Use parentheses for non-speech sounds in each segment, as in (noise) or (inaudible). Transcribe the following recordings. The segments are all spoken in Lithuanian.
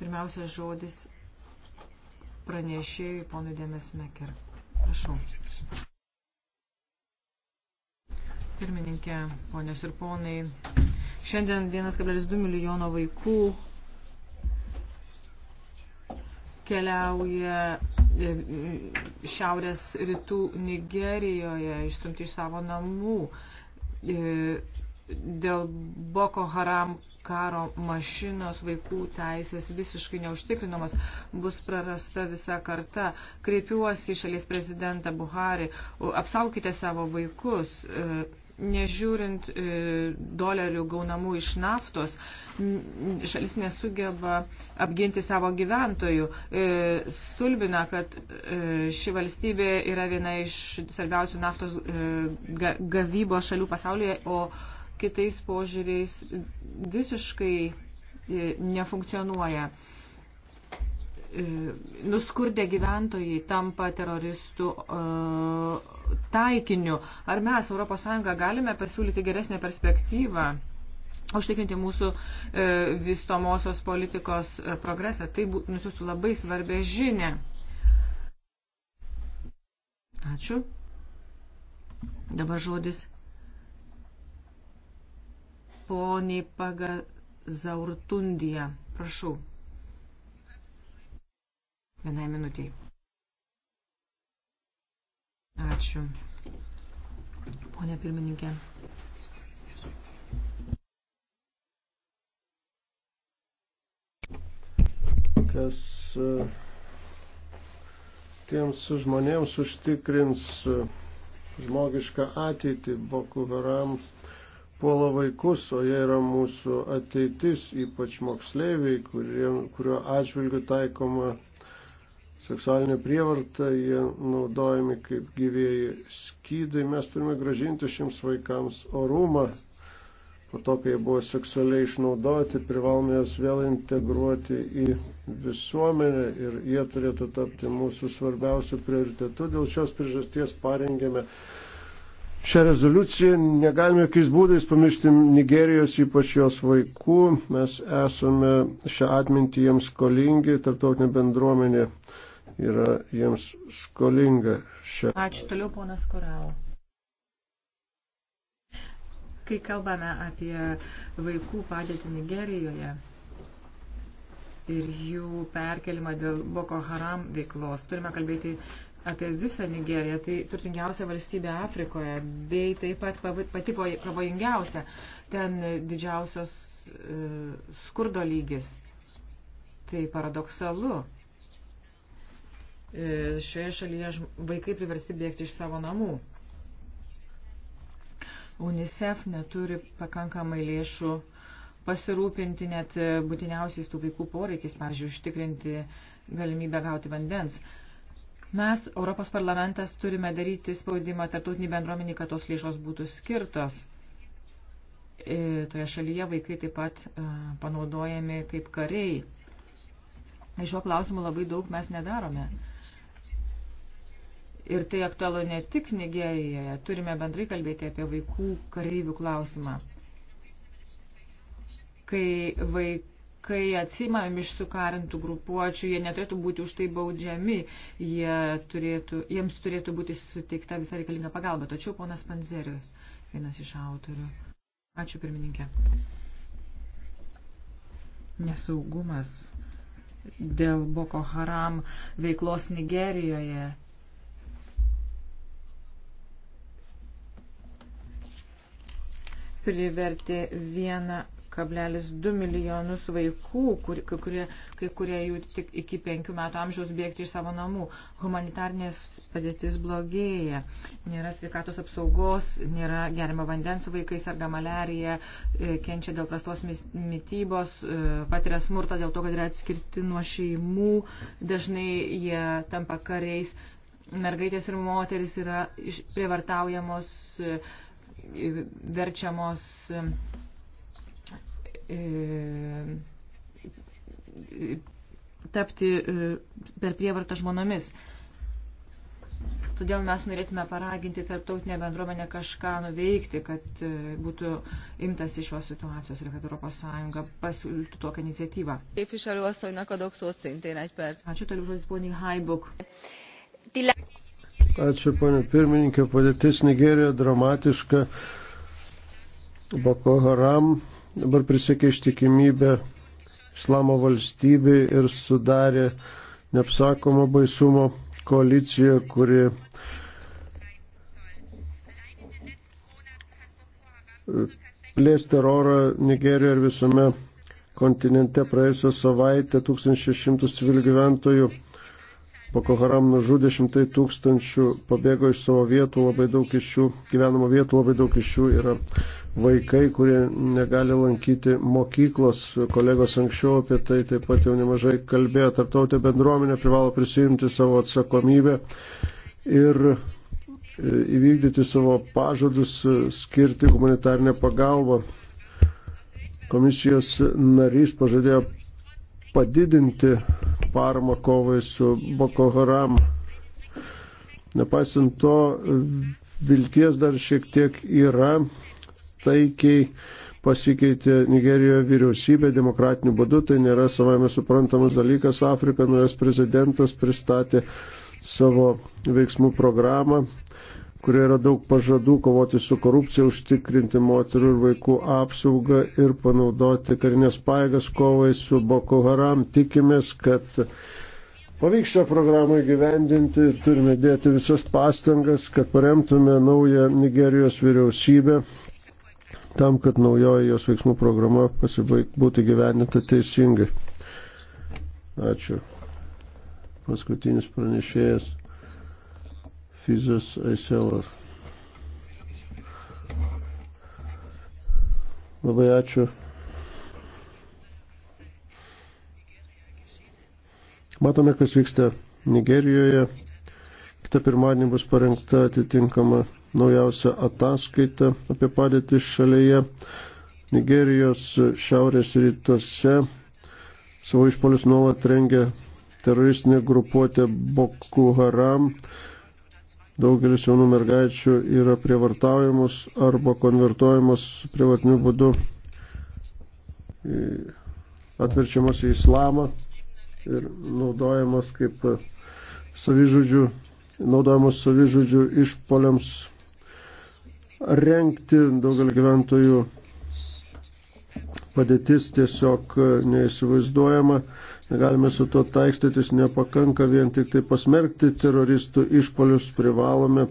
Pirmiausia žodis pranešėjui ponui Dėmes Meker. Prašau. Pirmininkė, ponios ir ponai, šiandien 1,2 milijono vaikų keliauja e, e, šiaurės rytų Nigerijoje, išstumti iš savo namų. E, dėl Boko Haram karo mašinos vaikų teisės visiškai neužtikrinamos, bus prarasta visa karta. Kreipiuosi šalies prezidentą Buhari, apsaukite savo vaikus. E, nežiūrint e, dolerių gaunamų iš naftos, šalis nesugeba apginti savo gyventojų. E, stulbina, kad ši valstybė yra viena iš svarbiausių naftos gavybos šalių pasaulyje, o kitais požiūriais visiškai e, nefunkcionuoja. E, nuskurdę gyventojai tampa teroristų e, taikiniu. Ar mes, ES, galime pasiūlyti geresnę perspektyvą? užtikrinti mūsų e, vystomosios politikos e, progresą. Tai būtų nusiųstų labai svarbę žinę. Ačiū. Dabar žodis poniai pagal Zaurtundiją. Prašau. Vienai minutiai. Ačiū. Pone pirmininkė. Kas e, tiems žmonėms užtikrins e, žmogišką ateitį Boku Haram puola vaikus, o jie yra mūsų ateitis, ypač moksleiviai, kurie, kurio atžvilgiu taikoma seksualinė prievarta, jie naudojami kaip gyvėjai skydai. Mes turime gražinti šiems vaikams orumą. Po to, kai jie buvo seksualiai išnaudoti, privalome jas vėl integruoti į visuomenę ir jie turėtų tapti mūsų svarbiausių prioritetų. Dėl šios priežasties parengėme šią rezoliuciją. Negalime jokiais būdais pamiršti Nigerijos, ypač jos vaikų. Mes esame šią atmintį jiems skolingi, tarptautinė bendruomenė yra jiems skolinga. Šią. Ačiū toliau, ponas Korau kai kalbame apie vaikų padėtį Nigerijoje ir jų perkelimą dėl Boko Haram veiklos, turime kalbėti apie visą Nigeriją, tai turtingiausia valstybė Afrikoje, bei taip pat pati pavojingiausia, ten didžiausios e, skurdo lygis. Tai paradoksalu. E, šioje šalyje vaikai priversti bėgti iš savo namų. UNICEF neturi pakankamai lėšų pasirūpinti net būtiniausiais tų vaikų poreikiais, pavyzdžiui, užtikrinti galimybę gauti vandens. Uh, Mes, Europos parlamentas, turime daryti spaudimą tarptautinį bendruomenį, kad tos lėšos būtų skirtos. E, toje šalyje vaikai taip pat e, panaudojami kaip kariai. Šiuo klausimu labai daug mes nedarome. Ir tai aktualu ne tik Nigerijoje. Turime bendrai kalbėti apie vaikų kareivių klausimą. Kai vaikai kai atsimami iš sukarintų grupuočių, jie neturėtų būti už tai baudžiami, jie turėtų, jiems turėtų būti suteikta visa reikalinga pagalba. Tačiau ponas Panzerius, vienas iš autorių. Ačiū pirmininkė. Nesaugumas dėl Boko Haram veiklos Nigerijoje. Privertė vieną 1,2 milijonus vaikų, kur, kai, kurie, kai kurie jų tik iki 5 metų amžiaus bėgti iš savo namų. Humanitarnės padėtis blogėja. Nėra sveikatos apsaugos, nėra gerimo vandens, vaikai serga malerija, e, kenčia dėl prastos mytybos, e, patiria smurtą dėl to, kad yra atskirti nuo šeimų, dažnai jie tampa kariais. Mergaitės ir moteris yra prievartaujamos, e, verčiamos E, tapti e, per prievartą žmonomis. Todėl mes norėtume paraginti tarptautinę bendruomenę kažką nuveikti, kad e, būtų imtas iš šios situacijos ir kad ES pasiūlytų tokią iniciatyvą. Ačiū toliau žodis poniai Haibuk. Ačiū ponė pirmininkė, padėtis Nigerijoje dramatiška. Boko Haram dabar prisiekė ištikimybę islamo valstybei ir sudarė neapsakomą baisumo koaliciją, kuri e, plės terorą Nigerijoje ir visame kontinente praėjusią savaitę 1600 civilių gyventojų Boko Haram nužudė šimtai tūkstančių, pabėgo iš savo vietų, labai daug iš jų, gyvenamo vietų, labai daug iš jų yra vaikai, kurie negali lankyti mokyklos. Kolegos anksčiau apie tai taip pat jau nemažai kalbėjo. Tarptautė bendruomenė privalo prisijimti savo atsakomybę ir e, įvykdyti savo pažadus, e, skirti humanitarnę pagalbą. Komisijos narys pažadėjo padidinti paramą kovai su Boko Haram. Nepaisant to, vilties dar šiek tiek yra, taikiai pasikeitė Nigerijoje vyriausybė demokratiniu būdu, tai nėra savame suprantamas dalykas. Afrika, naujas prezidentas pristatė savo veiksmų programą, kurie yra daug pažadų kovoti su korupcija, užtikrinti moterų ir vaikų apsaugą ir panaudoti karinės paėgas kovai su Boko Haram. Tikimės, kad pavyks šią programą gyvendinti ir turime dėti visas pastangas, kad paremtume naują Nigerijos vyriausybę, tam, kad naujoji jos veiksmų programa pasibaig, būtų gyveninta teisingai. Ačiū. Paskutinis pranešėjas Fizas Aiselas. Labai ačiū. Matome, kas vyksta Nigerijoje. Kita pirmadienį bus parengta atitinkama naujausią ataskaitą apie padėtį šalyje. Nigerijos šiaurės rytuose savo išpolius nuolat rengia teroristinė grupuotė Boko Haram. Daugelis jaunų mergaičių yra prievartaujamos arba konvertuojamos privatiniu būdu atverčiamos į islamą ir naudojamos kaip savižudžių, naudojamos savižudžių išpoliams renkti daugelį gyventojų padėtis tiesiog neįsivaizduojama, negalime su to taikstytis, nepakanka vien tik tai pasmerkti teroristų išpolius, privalome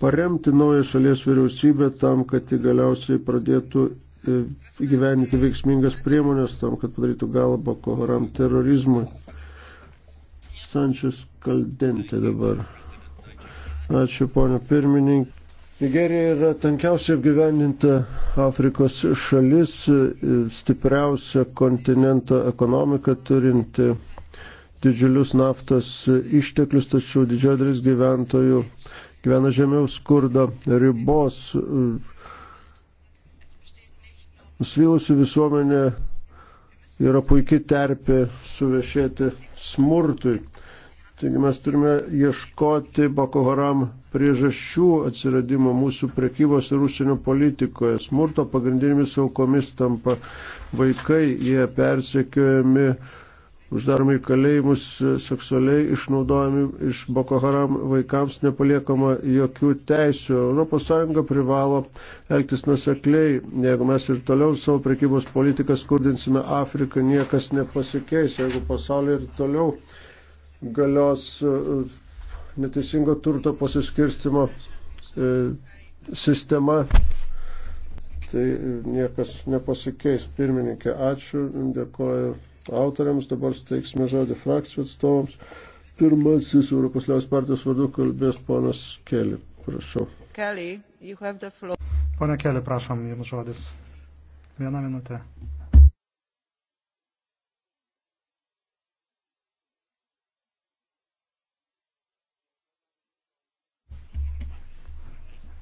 paremti naują šalies vyriausybę tam, kad ji galiausiai pradėtų e, gyveninti veiksmingas priemonės tam, kad padarytų galbą kohoram terorizmui. Sančius Kaldentė dabar. Ačiū, ponio pirmininkė. Nigerija yra tankiausiai apgyvendinta Afrikos šalis, stipriausia kontinento ekonomika turinti didžiulius naftos išteklius, tačiau didžioji dalis gyventojų gyvena žemiau skurdo ribos. Svilusi visuomenė yra puikiai terpė suvešėti smurtui. Taigi mes turime ieškoti Boko Haram priežasčių atsiradimo mūsų prekybos ir užsienio politikoje. Smurto pagrindinėmis aukomis tampa vaikai, jie persekiojami, uždaromi į kalėjimus, seksualiai išnaudojami iš Boko Haram vaikams nepaliekama jokių teisių. ES privalo elgtis nusekliai. Jeigu mes ir toliau savo prekybos politiką skurdinsime Afriką, niekas nepasikeis. Jeigu pasaulyje ir toliau galios e, neteisingo turto pasiskirstimo e, sistema, tai niekas nepasikeis. Pirmininkė, ačiū, dėkoju autoriams, dabar steiksime žodį frakcijų atstovams. Pirmasis Europos Liaus partijos vardu kalbės ponas Keli, prašau. Keli, you have the floor. Pone Keli, prašom, jums žodis. Vieną minutę.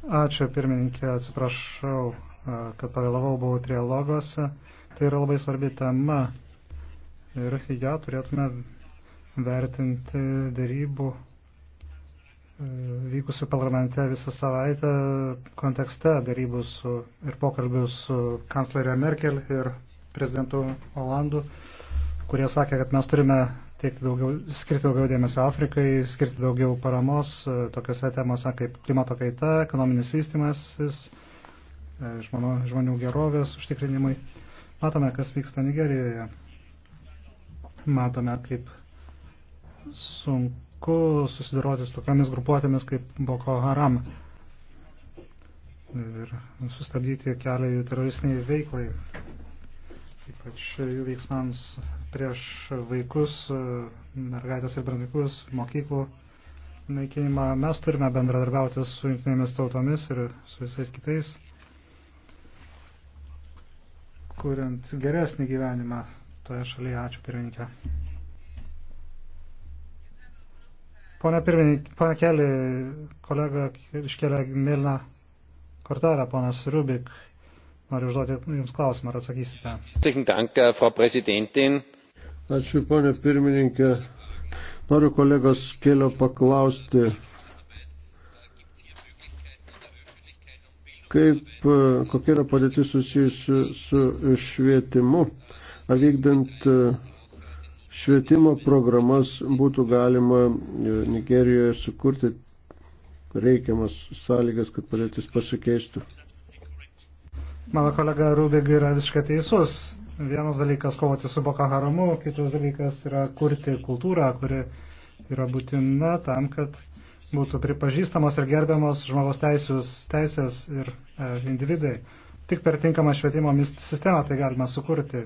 Ačiū pirmininkė, atsiprašau, kad pavėlavau, buvau trialogose. Tai yra labai svarbi tema ir ją turėtume vertinti dėrybų e, vykusių parlamente visą savaitę kontekste dėrybų su, ir pokalbių su kanclerė Merkel ir prezidentu Olandu, kurie sakė, kad mes turime teikti daugiau, skirti daugiau dėmesio Afrikai, skirti daugiau paramos e, tokiuose temose kaip klimato kaita, ekonominis vystimasis, e, žmonių, žmonių gerovės užtikrinimui. Matome, kas vyksta Nigerijoje. Matome, kaip sunku susidaroti su tokiamis grupuotėmis kaip Boko Haram ir sustabdyti kelią jų teroristiniai veiklai ypač jų veiksmams prieš vaikus, mergaitės ir brandikus, mokyklų naikinimą. Mes turime bendradarbiauti su jungtinėmis tautomis ir su visais kitais, kuriant geresnį gyvenimą toje šalyje. Ačiū pirmininkė. Pone pirmininkė, pone Keli, kolega iškelia Milna kortelę, ponas Rubik. Noriu užduoti Jums klausimą, ar atsakysite. Äh, Ačiū, ponė pirmininkė. Noriu kolegos Kelio paklausti, kaip, e, kokia yra padėtis susijusi su švietimu. Ar vykdant e, švietimo programas būtų galima e, Nigerijoje sukurti reikiamas sąlygas, kad padėtis pasikeistų? Mano kolega Rubig yra visiškai teisus. Vienas dalykas kovoti su Boko Haramu, kitas dalykas yra kurti kultūrą, kuri yra būtina tam, kad būtų pripažįstamos ir gerbiamos žmogaus teisės, teisės ir e, individai. Tik per tinkamą švietimo sistemą tai galima sukurti.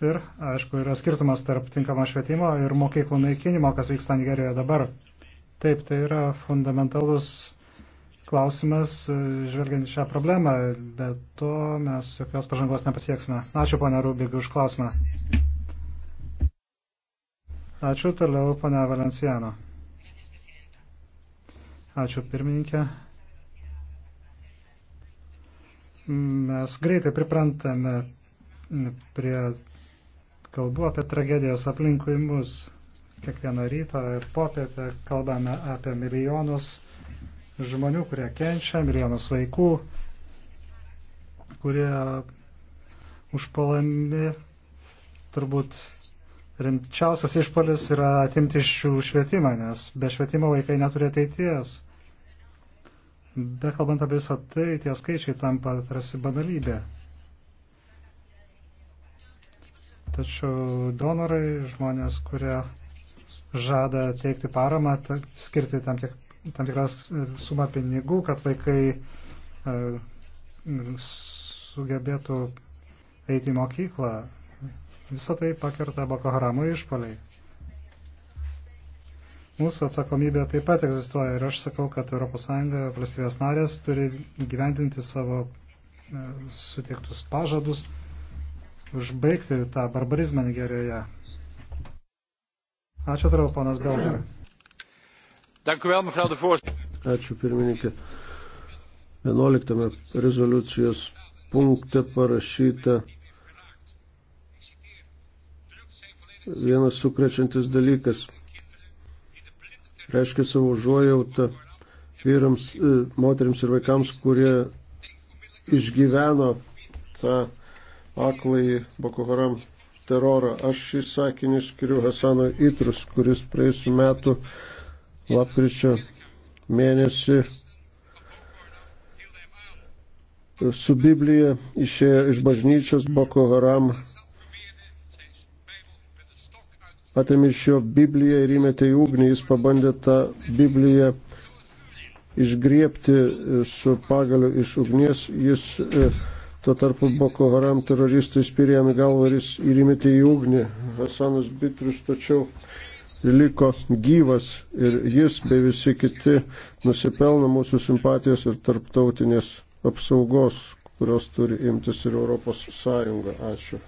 Ir, aišku, yra skirtumas tarp tinkamo švietimo ir mokyklų naikinimo, kas vyksta Nigerijoje dabar. Taip, tai yra fundamentalus klausimas, e, žvelgiant šią problemą, bet to mes jokios pažangos nepasieksime. Ačiū, ponia Rubik, už klausimą. Ačiū toliau, ponia Valenciano. Ačiū, pirmininkė. Mes greitai priprantame prie kalbų apie tragedijas aplinkui mus. Kiekvieną rytą ir popietę kalbame apie milijonus žmonių, kurie kenčia, milijonas vaikų, kurie užpalami. Turbūt rimčiausias išpolis yra atimti iš jų švietimą, nes be švietimo vaikai neturi ateities. Bekalbant apie visą tai, tie skaičiai tampa tarsi banalybė. Tačiau donorai, žmonės, kurie žada teikti paramą, skirti tam tiek tam tikras e, suma pinigų, kad vaikai e, sugebėtų eiti į mokyklą. Visą tai pakerta Boko Haramo išpoliai. Mūsų atsakomybė taip pat egzistuoja ir aš sakau, kad ES valstybės narės turi gyventinti savo e, suteiktus pažadus, užbaigti tą barbarizmą Nigerijoje. Ačiū toliau, ponas Belgar. Ačiū pirmininkė. 11 rezoliucijos punkte parašyta vienas sukrečiantis dalykas. Reiškia savo užuojautą vyrams, e, moteriams ir vaikams, kurie išgyveno tą aklai Boko Haram terorą. Aš šį sakinį skiriu Hasanui Itrus, kuris praėjusiu metu lapkričio mėnesį su Biblija išėjo iš bažnyčios Boko Haram, atėmė iš jo Bibliją ir įmetė į ugnį, jis pabandė tą Bibliją išgriepti su pagaliu iš ugnies, jis e, tuo tarpu Boko Haram teroristai spyrė jam galvą ir įmetė į ugnį. Hasanas Bitrus tačiau liko gyvas ir jis bei visi kiti nusipelno mūsų simpatijos ir tarptautinės apsaugos, kurios turi imtis ir Europos Sąjunga. Ačiū.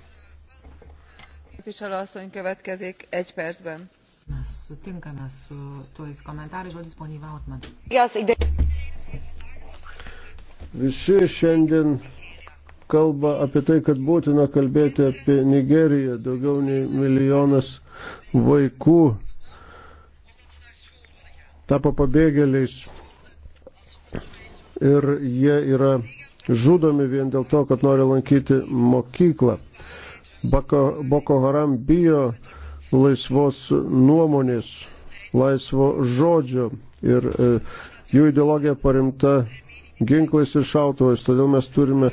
Mes sutinkame su tuos komentarais žodis poniai Vautmans. Visi šiandien kalba apie tai, kad būtina kalbėti apie Nigeriją. Daugiau nei milijonas vaikų tapo pabėgėliais ir jie yra žudomi vien dėl to, kad nori lankyti mokyklą. Boko, Boko Haram bijo laisvos nuomonės, laisvo žodžio ir e, jų ideologija paremta ginklais ir šautuvais, todėl mes turime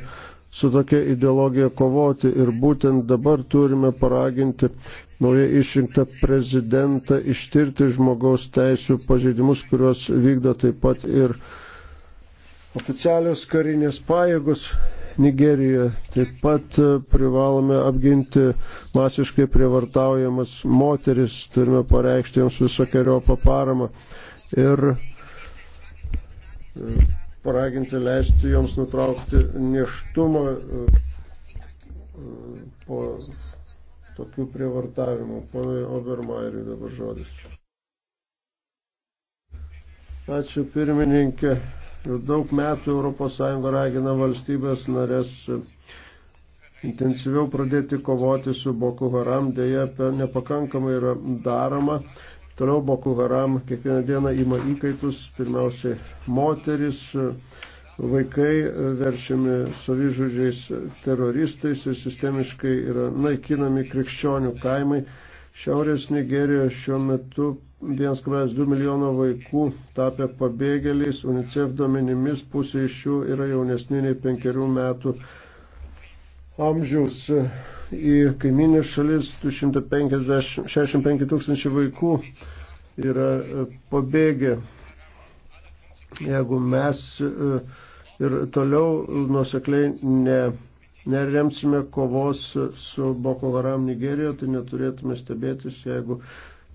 su tokia ideologija kovoti ir būtent dabar turime paraginti naujai išrinktą prezidentą ištirti žmogaus teisų pažeidimus, kuriuos vykdo taip pat ir oficialios karinės pajėgos Nigerijoje. Taip pat e, privalome apginti masiškai prievartaujamas moteris, turime pareikšti jiems visokiojo paparamą. Ir e, paraginti leisti joms nutraukti neštumą e, e, po tokių prievartavimų. Ponai Obermairiui dabar žodis. Ačiū pirmininkė. Jau daug metų ES ragina valstybės narės intensyviau pradėti kovoti su Boko Haram, dėja nepakankamai yra daroma. Toliau Boku Haram kiekvieną dieną ima įkaitus, pirmiausiai moteris, vaikai verčiami savižudžiais teroristais ir sistemiškai yra naikinami krikščionių kaimai. Šiaurės Nigerijoje šiuo metu 1,2 milijono vaikų tapę pabėgėliais, UNICEF duomenimis pusė iš jų yra jaunesni nei penkerių metų amžiaus e, į kaiminės šalis 265 tūkstančių vaikų yra e, pabėgę. Jeigu mes e, ir toliau nusekliai ne, neremsime kovos su Boko Haram Nigerijoje, tai neturėtume stebėtis, jeigu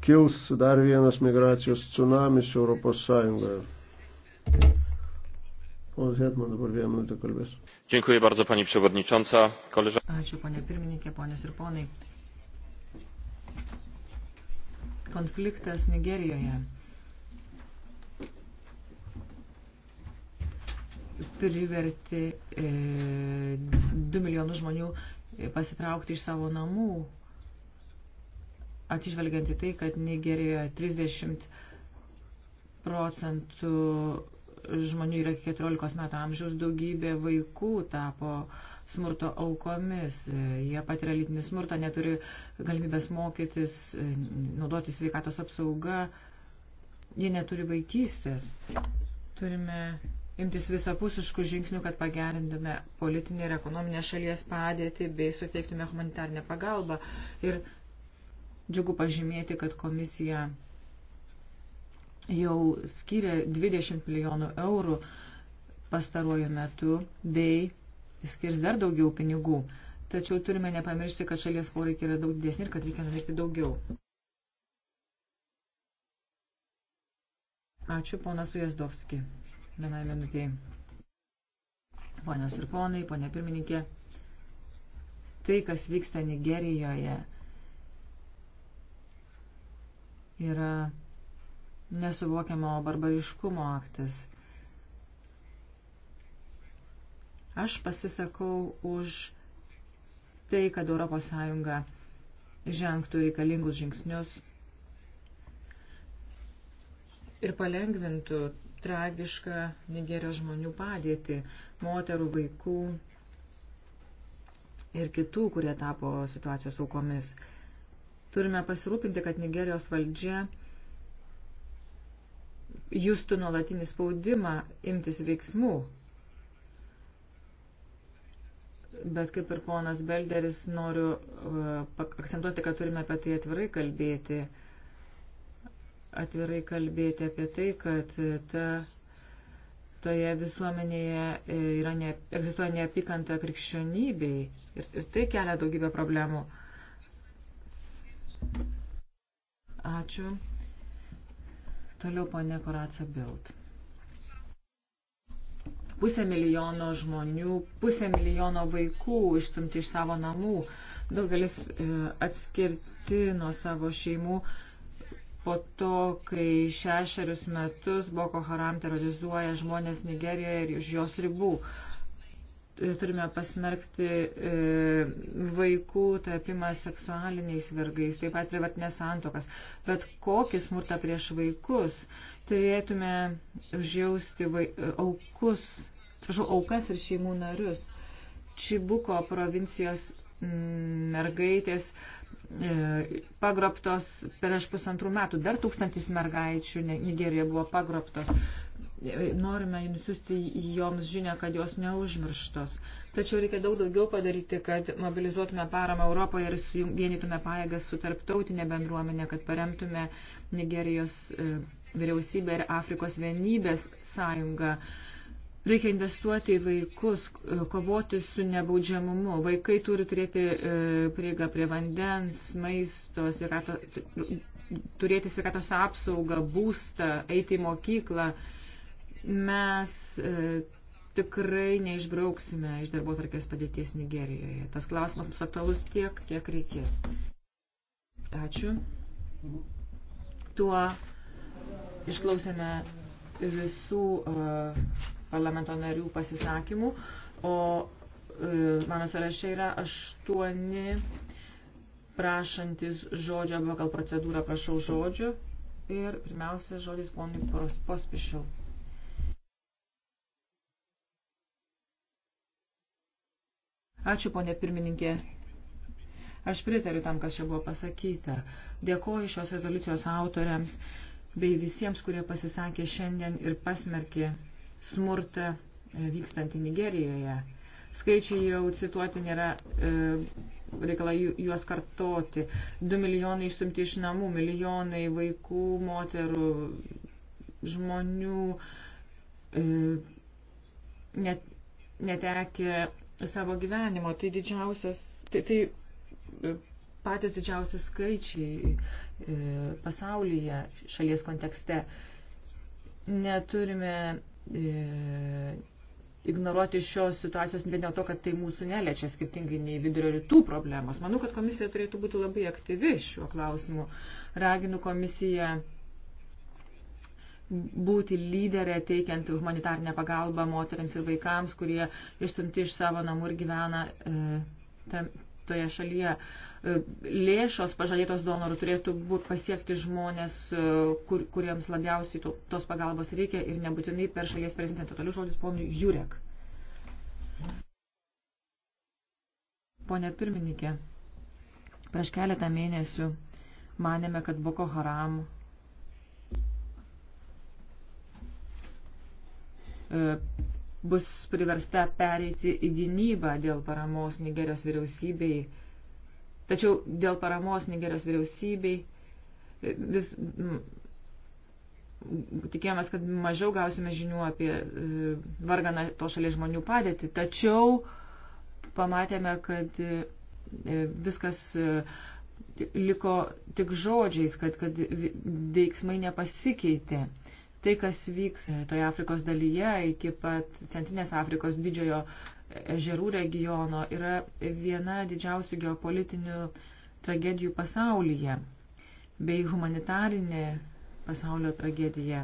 kils dar vienas migracijos tsunamis Europos Sąjungoje. Dziękuję bardzo pani przewodnicząca. Koleżan... Ačiū, ponė pirmininkė, ponės ir ponai. Konfliktas Nigerijoje. Priverti e, 2 milijonus žmonių pasitraukti iš savo namų. Atižvelgiant į tai, kad Nigerijoje 30 procentų žmonių yra 14 metų amžiaus, daugybė vaikų tapo smurto aukomis, jie patiria lytinį smurtą, neturi galimybės mokytis, naudoti sveikatos apsaugą, jie neturi vaikystės. Turime imtis visapusiškų žingsnių, kad pagerintume politinę ir ekonominę šalies padėtį bei suteiktume humanitarnę pagalbą. Ir džiugu pažymėti, kad komisija jau skiria 20 milijonų eurų pastaruoju metu bei skirs dar daugiau pinigų. Tačiau turime nepamiršti, kad šalies poreikiai yra daug didesni ir kad reikia nuveikti daugiau. Ačiū, ponas Ujazdovski. Vienai minutėjai. Ponios ir ponai, ponė pirmininkė, tai, kas vyksta Nigerijoje, yra nesuvokiamo barbariškumo aktas. Aš pasisakau už tai, kad ES žengtų reikalingus žingsnius ir palengvintų tragišką Nigerijos žmonių padėtį, moterų, vaikų ir kitų, kurie tapo situacijos aukomis. Turime pasirūpinti, kad Nigerijos valdžia jūsų nuolatinį spaudimą imtis veiksmų. Bet kaip ir ponas Belderis, noriu uh, akcentuoti, kad turime apie tai atvirai kalbėti. Atvirai kalbėti apie tai, kad uh, ta, toje visuomenėje uh, yra ne, egzistuoja neapykanta krikščionybei ir, ir tai kelia daugybę problemų. Ačiū. Toliau ponė Koraca Bild. Pusė milijono žmonių, pusė milijono vaikų ištumti iš savo namų, daugelis e, atskirti nuo savo šeimų po to, kai šešerius metus Boko Haram terorizuoja žmonės Nigerijoje ir už jos ribų. Uh, turime pasmerkti e, vaikų tapimą seksualiniais vergais, taip pat privatinės santokas. Bet kokį smurtą prieš vaikus turėtume užjausti vai, e, aukus, atsiprašau, aukas ir šeimų narius. Čibuko provincijos mm, mergaitės e, pagroptos prieš pusantrų metų. Dar tūkstantis mergaičių Nigerija buvo pagroptos norime nusiųsti joms žinę, kad jos neužmirštos. Tačiau reikia daug daugiau padaryti, kad mobilizuotume paramą Europoje ir vienytume pajėgas su tarptautinė bendruomenė, kad paremtume Nigerijos e, vyriausybę ir Afrikos vienybės sąjungą. Reikia investuoti į vaikus, e, kovoti su nebaudžiamumu. Vaikai turi turėti e, prieigą prie vandens, maisto, sveikato, turėti sveikatos apsaugą, būstą, eiti į mokyklą. Mes e, tikrai neišbrauksime iš darbo tvarkės padėties Nigerijoje. Tas klausimas bus aktualus tiek, kiek reikės. Ačiū. Tuo išklausėme visų uh, parlamento narių pasisakymų, o uh, mano sąraše yra aštuoni prašantis žodžio, pagal procedūrą prašau žodžio ir pirmiausia žodis ponui pospišiau. Ačiū, ponė pirmininkė. Aš pritariu tam, kas čia buvo pasakyta. Dėkoju šios rezoliucijos autoriams bei visiems, kurie pasisakė šiandien ir pasmerkė smurtą e, vykstantį Nigerijoje. Skaičiai jau cituoti nėra e, reikalai juos kartoti. 2 milijonai išstumti iš namų, milijonai vaikų, moterų, žmonių e, net, netekė savo gyvenimo. Tai didžiausias, tai, tai e, patys didžiausi skaičiai e, pasaulyje šalies kontekste. Neturime e, ignoruoti šios situacijos vien dėl to, kad tai mūsų neliečia skirtingai nei vidurio rytų problemos. Manau, kad komisija turėtų būti labai aktyvi šiuo klausimu. Raginu komisiją būti lyderė teikiant humanitarnę pagalbą moteriams ir vaikams, kurie išstumti iš savo namų ir gyvena e, tam, toje šalyje. E, lėšos pažadėtos donorų turėtų būti pasiekti žmonės, e, kur, kuriems labiausiai to, tos pagalbos reikia ir nebūtinai per šalies prezidentą. Toliau žodis ponui Jurek. Pone pirmininkė, prieš keletą mėnesių manėme, kad Boko Haram E, bus priversta pereiti į gynybą dėl paramos Nigerijos vyriausybei. Tačiau dėl paramos Nigerijos vyriausybei e, vis tikėjomės, kad mažiau gausime žinių apie e, varganą to šalies žmonių padėtį. Tačiau pamatėme, kad viskas liko tik žodžiais, kad, kad veiksmai nepasikeitė tai, kas vyks toje Afrikos dalyje iki pat Centrinės Afrikos didžiojo ežerų regiono, yra viena didžiausių geopolitinių tragedijų pasaulyje bei humanitarinė pasaulio tragedija.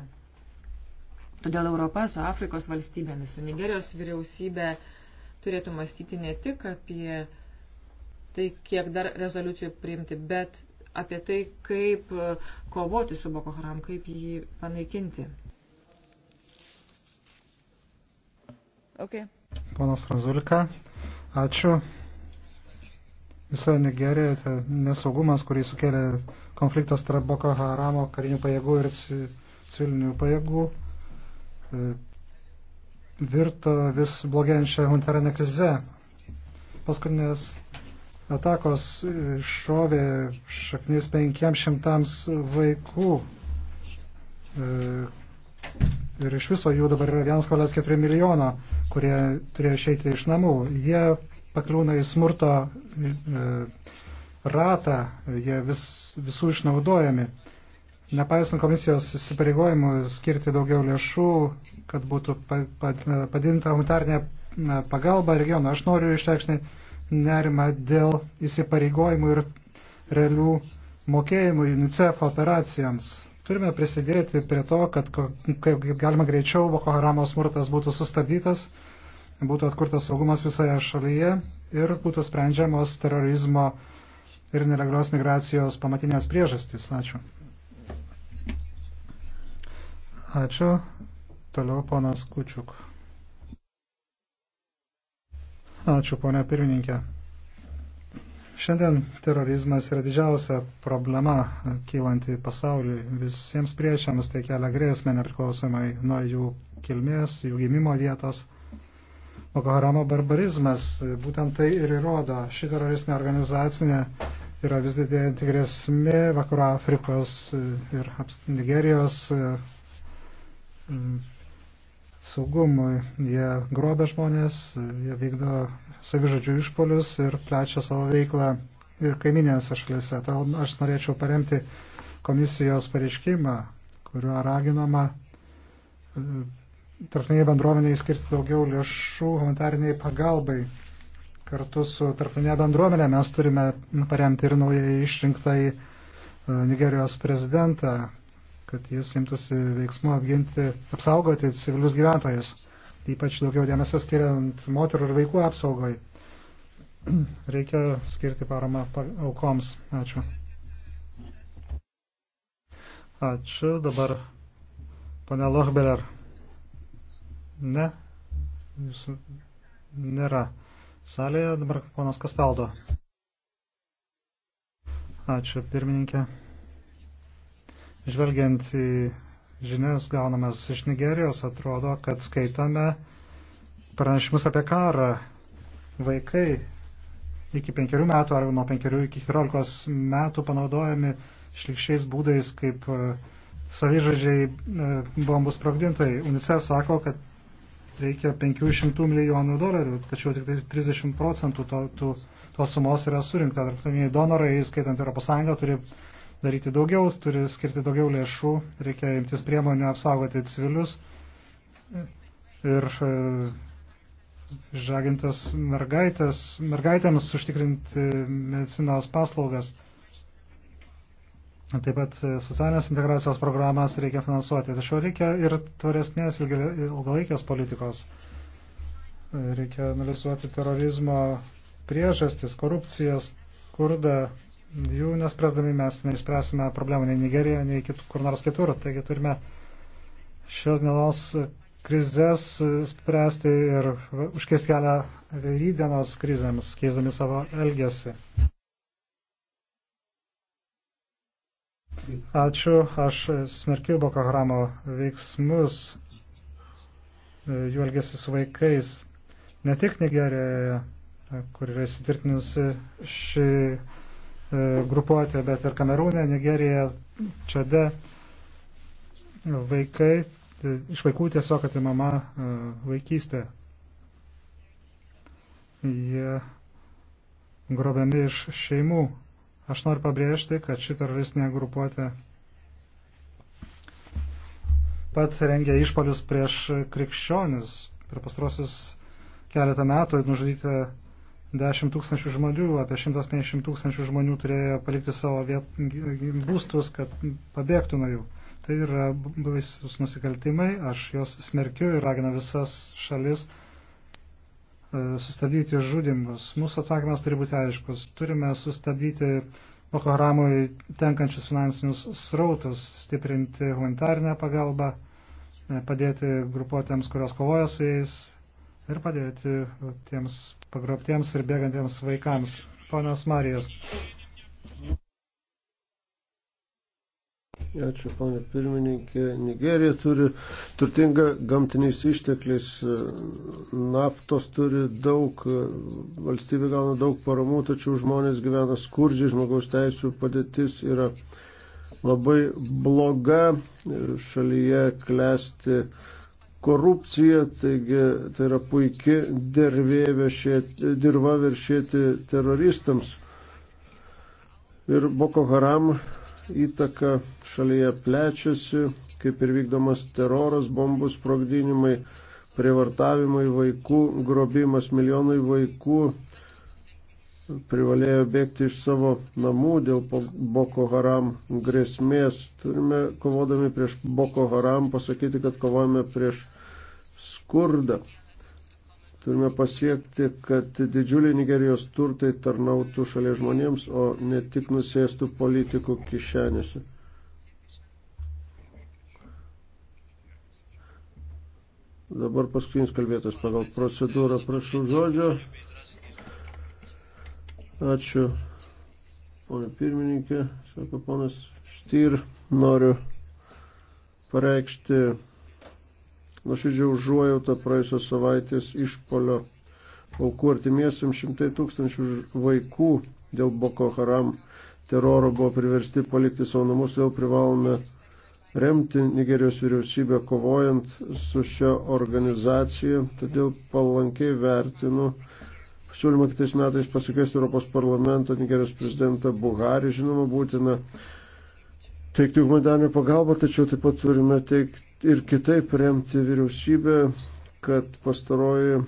Todėl Europa su Afrikos valstybėmis, su Nigerijos vyriausybė turėtų mąstyti ne tik apie tai, kiek dar rezoliucijų priimti, bet apie tai, kaip e, kovoti su Boko Haram, kaip jį panaikinti. Okay. Ponas Frazulika, ačiū. Visoje Nigerijoje tai nesaugumas, kurį sukėlė konfliktas tarp Boko Haramo karinių pajėgų ir civilinių pajėgų, e, virto vis blogėjančią humanitarinę krizę. Paskutinės Atakos šovė šaknis 500 vaikų. E, ir iš viso jų dabar yra 1,4 milijono, kurie turėjo išeiti iš namų. Jie pakliūna į smurto e, ratą, jie vis, visų išnaudojami. Nepaisant komisijos įsipareigojimų skirti daugiau lėšų, kad būtų padinta humanitarnė pagalba regionu, aš noriu išreikšti nerimą dėl įsipareigojimų ir realių mokėjimų UNICEF operacijoms. Turime prisidėti prie to, kad kaip galima greičiau Boko Haramo smurtas būtų sustabdytas, būtų atkurtas saugumas visoje šalyje ir būtų sprendžiamos terorizmo ir nelegalios migracijos pamatinės priežastys. Ačiū. Ačiū. Toliau ponas Kučiuk. Ačiū, ponia pirmininkė. Šiandien terorizmas yra didžiausia problema kylanti pasauliui. Visiems priešams tai kelia grėsmę nepriklausomai nuo jų kilmės, jų gimimo vietos. Boko Haramo barbarizmas būtent tai ir įrodo. Ši teroristinė organizacinė yra vis didėjanti grėsmė Vakarų Afrikos ir Nigerijos mm, saugumui. Jie grobia žmonės, jie vykdo savižodžių išpolius ir plečia savo veiklą ir kaiminėse šalise. Todėl aš norėčiau paremti komisijos pareiškimą, kuriuo raginama e, tarptautiniai bendruomeniai skirti daugiau lėšų humanitariniai pagalbai. Kartu su tarptautinė bendruomenė mes turime paremti ir naujai išrinktai e, Nigerijos prezidentą, kad jis imtųsi veiksmų apginti, apsaugoti civilius gyventojus, ypač daugiau dėmesio skiriant moterų ir vaikų apsaugoj. (clears throat) Reikia skirti paramą aukoms. Ačiū. Ačiū. Dabar pane Lochbeler. Ne, jūsų nėra salėje. Dabar ponas Kastaldo. Ačiū, pirmininkė. Žvelgiant į žinias gaunamas iš Nigerijos, atrodo, kad skaitame pranešimus apie karą. Vaikai iki penkerių metų ar nuo penkerių iki keturiolikos metų panaudojami šlikščiais būdais kaip e, savižaidžiai e, bombų sprogdintai. UNICEF sako, kad reikia 500 milijonų dolerių, tačiau tik tai 30 procentų to, to, tos sumos yra surinkta. Tarptautiniai donorai, skaitant ES, turi daryti daugiau, turi skirti daugiau lėšų, reikia imtis priemonių apsaugoti civilius. Ir e, žagintas mergaitės, mergaitėms užtikrinti medicinos paslaugas. Taip pat e, socialinės integracijos programas reikia finansuoti, tačiau reikia ir tvaresnės ilgalaikės politikos. Reikia analizuoti terorizmo priežastis, korupcijas, skurdą, jų nespręsdami mes neįspręsime problemų nei Nigerijoje, nei kitur, kur nors kitur. Taigi turime šios dienos krizės spręsti ir užkės kelią rydienos krizėms, keisdami savo elgesį. Ačiū, aš smerkiu Boko Haramo veiksmus, jų elgesi su vaikais, ne tik Nigerijoje, kur yra įsitvirtinusi ši E, grupuotė, bet ir Kamerūne, Nigerija, Čade vaikai, e, iš vaikų tiesiog atimama e, vaikystė. Jie grodami iš šeimų. Aš noriu pabrėžti, kad ši teroristinė grupuotė pat rengia išpalius prieš krikščionius. Per pastrosius keletą metų nužudyti 10 tūkstančių žmonių, apie 150 tūkstančių žmonių turėjo palikti savo viet, būstus, kad pabėgtų nuo jų. Tai yra baisus nusikaltimai, aš juos smerkiu ir raginu visas šalis e, sustabdyti žudimus. Mūsų atsakymas turi būti aiškus. Turime sustabdyti Boko Haramui tenkančius finansinius srautus, stiprinti humanitarinę pagalbą, e, padėti grupuotėms, kurios kovoja su jais ir padėti tiems pagrobtiems ir bėgantiems vaikams. Ponas Marijas. Ačiū, ponė pirmininkė. Nigerija turi turtingą gamtiniais ištekliais, naftos turi daug, valstybė gauna daug paramų, tačiau žmonės gyvena skurdžiai, žmogaus teisų padėtis yra labai bloga, šalyje klesti korupcija, taigi tai yra puikia dirba viršėti teroristams. Ir Boko Haram įtaka šalyje plečiasi, kaip ir vykdomas teroras, bombų sprogdinimai, prievartavimai vaikų, grobimas milijonai vaikų privalėjo bėgti iš savo namų dėl Boko Haram grėsmės. Turime, kovodami prieš Boko Haram, pasakyti, kad kovojame prieš skurdą. Turime pasiekti, kad didžiuliai Nigerijos turtai tarnautų šalia žmonėms, o ne tik nusėstų politikų kišenėse. Dabar paskutinis kalbėtas pagal procedūrą. Prašau žodžio. Ačiū, ponė pirmininkė, sako ponas Štyr, noriu pareikšti nuoširdžiai užuojautą praėjusios savaitės išpolio aukų artimiesiam šimtai tūkstančių vaikų dėl Boko Haram teroro buvo priversti palikti savo namus, vėl privalome remti Nigerijos vyriausybę kovojant su šia organizacija, todėl palankiai vertinu siūlymą kitais metais pasikviesti Europos parlamento Nigerijos prezidentą Buhari. Žinoma, būtina teikti humanitarinę pagalbą, tačiau taip pat turime teikti ir kitaip remti vyriausybę, kad pastaroji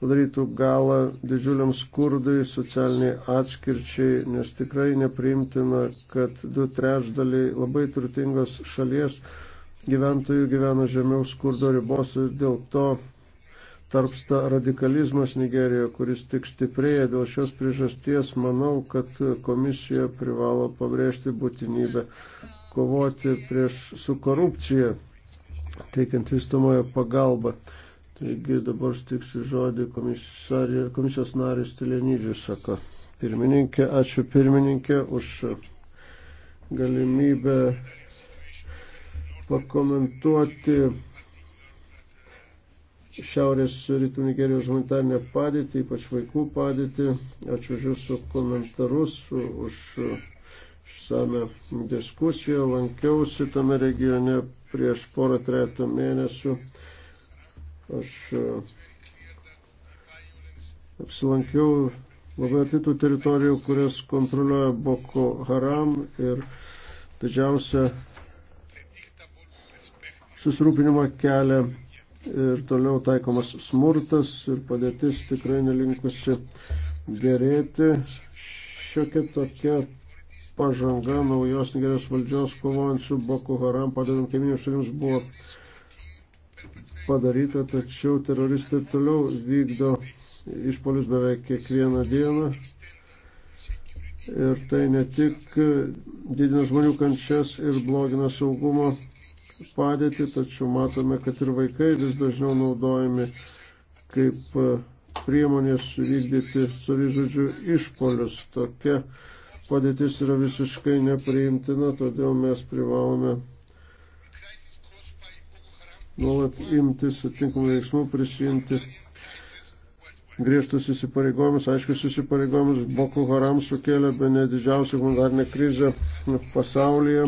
padarytų galą didžiuliam skurdui, socialiniai atskirčiai, nes tikrai nepriimtina, kad du trečdaliai labai turtingos šalies gyventojų gyvena žemiau skurdo ribos ir dėl to tarpsta radikalizmas Nigerijoje, kuris tik stiprėja. Dėl šios priežasties manau, kad komisija privalo pabrėžti būtinybę kovoti prieš su korupcija, teikiant vystumoje pagalbą. Taigi dabar stiksiu žodį komisijos narys Telenydžius, sako. Pirmininkė, ačiū pirmininkė už galimybę pakomentuoti šiaurės rytų Nigerijos humanitarnę padėtį, ypač vaikų padėtį. Ačiū už jūsų komentarus, už išsame diskusiją. Lankiausi tame regione prieš porą trejato mėnesių. Aš e, apsilankiau labai atitų teritorijų, kurias kontroliuoja Boko Haram ir didžiausia susirūpinimą kelia ir toliau taikomas smurtas ir padėtis tikrai nelinkusi gerėti. Šiokia tokia pažanga naujos Nigerijos valdžios kovojant su Boko Haram, padedant kaiminėms šalims buvo padaryta, tačiau teroristai toliau vykdo išpolius beveik kiekvieną dieną. Ir tai ne tik didina žmonių kančias ir blogina saugumo padėtį, tačiau matome, kad ir vaikai vis dažniau naudojami kaip e, priemonės vykdyti savižudžių išpolius. Tokia padėtis yra visiškai nepriimtina, todėl mes privalome nuolat imtis atitinkamų veiksmų, prisijimti griežtus įsipareigojimus, aiškius įsipareigojimus. Boko Haram sukėlė be ne didžiausią humanitarinę krizę pasaulyje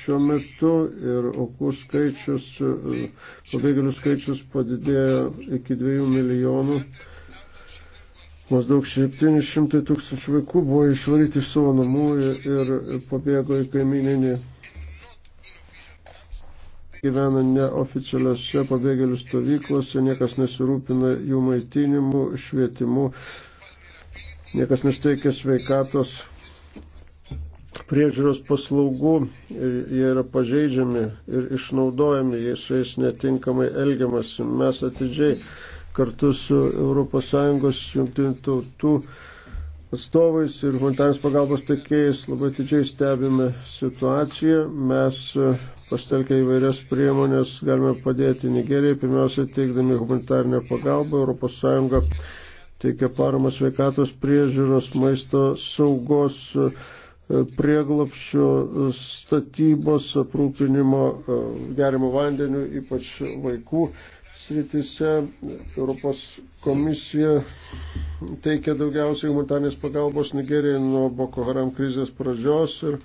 šiuo metu ir aukų skaičius, pabėgėlių skaičius padidėjo iki 2 milijonų. Maždaug 700 tūkstančių vaikų buvo išvaryti iš savo namų ir pabėgo į kaimininį gyvena neoficialiose pabėgėlių stovyklose, niekas nesirūpina jų maitinimu, švietimu, niekas nesteikia sveikatos priežiūros paslaugų ir jie yra pažeidžiami ir išnaudojami, jei su jais netinkamai elgiamasi. Mes atidžiai kartu su ES jungtinių tautų atstovais ir humanitarės pagalbos teikėjais labai didžiai stebime situaciją. Mes e, pastelkę įvairias priemonės galime padėti Nigerijai, pirmiausia, teikdami humanitarinę pagalbą. ES teikia paramą sveikatos priežiūros, maisto saugos e, prieglopščio e, statybos, aprūpinimo gerimo vandeniu, ypač vaikų sritise Europos komisija teikia daugiausiai humanitarnės pagalbos Nigerijai nuo Boko Haram krizės pradžios ir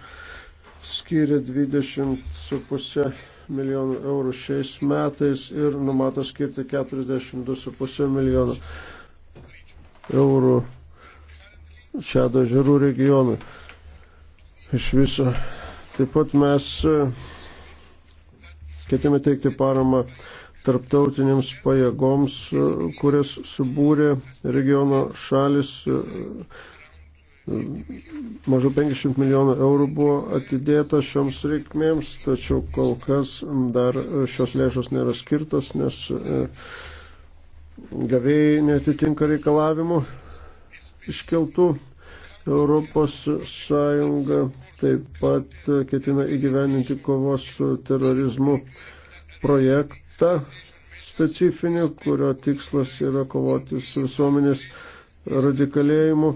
skiria 20,5 milijonų eurų šiais metais ir numato skirti 42,5 milijonų eurų šedo žirų regionui. Iš viso. Taip pat mes e, ketime teikti paramą tarptautiniams pajėgoms, e, kurias subūrė regiono šalis. E, e, Mažu 500 milijonų eurų buvo atidėta šioms reikmėms, tačiau kol kas dar šios lėšos nėra skirtos, nes gavėjai netitinka reikalavimų iškeltų. Europos Sąjunga taip pat ketina įgyveninti kovos su terorizmu projektą ta specifinė, kurio tikslas yra kovoti su visuomenės radikalėjimu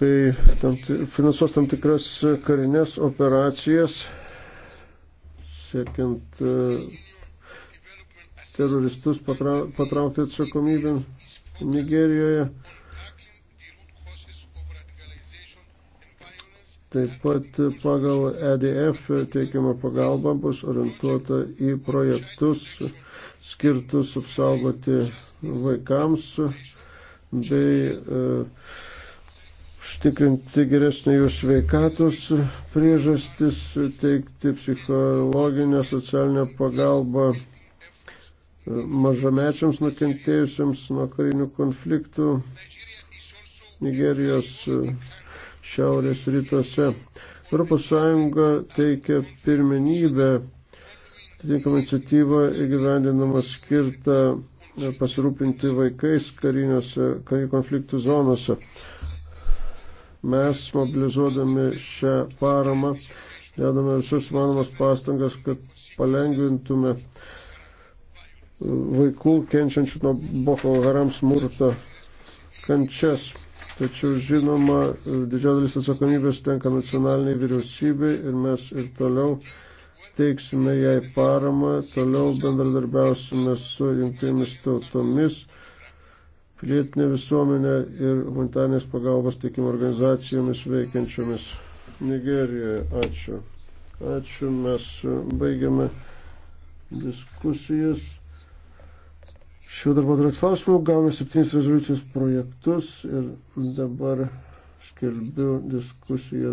bei tam, finansuos tam tikras karinės operacijas, siekiant e, teroristus patraukti atsakomybę Nigerijoje. Taip pat pagal EDF teikiama pagalba bus orientuota į projektus skirtus apsaugoti vaikams bei uh, užtikrinti geresnį jų sveikatos priežastis, teikti psichologinę, socialinę pagalbą e, mažamečiams nukentėjusiems nuo karinių konfliktų. Nigerijos e, šiaurės rytuose. Europos Sąjunga teikia pirmenybę atitinkamą iniciatyvą įgyvendinamą skirtą pasirūpinti vaikais kariniuose, karinių konfliktų zonose. Mes mobilizuodami šią paramą dedame visas manomas pastangas, kad palengvintume vaikų kenčiančių nuo Boko Haram smurto kančias. Tačiau, žinoma, didžiodalis atsakomybės tenka nacionaliniai vyriausybei ir mes ir toliau teiksime jai paramą, toliau bendradarbiausime su jungtinėmis tautomis, pilietinė visuomenė ir humanitarnės pagalbos teikimo organizacijomis veikiančiomis Nigerijoje. Ačiū. Ačiū, mes baigiame diskusijas šių darbo tvarkos klausimų. Gavome septynis rezoliucijos projektus ir dabar skelbiu diskusijas.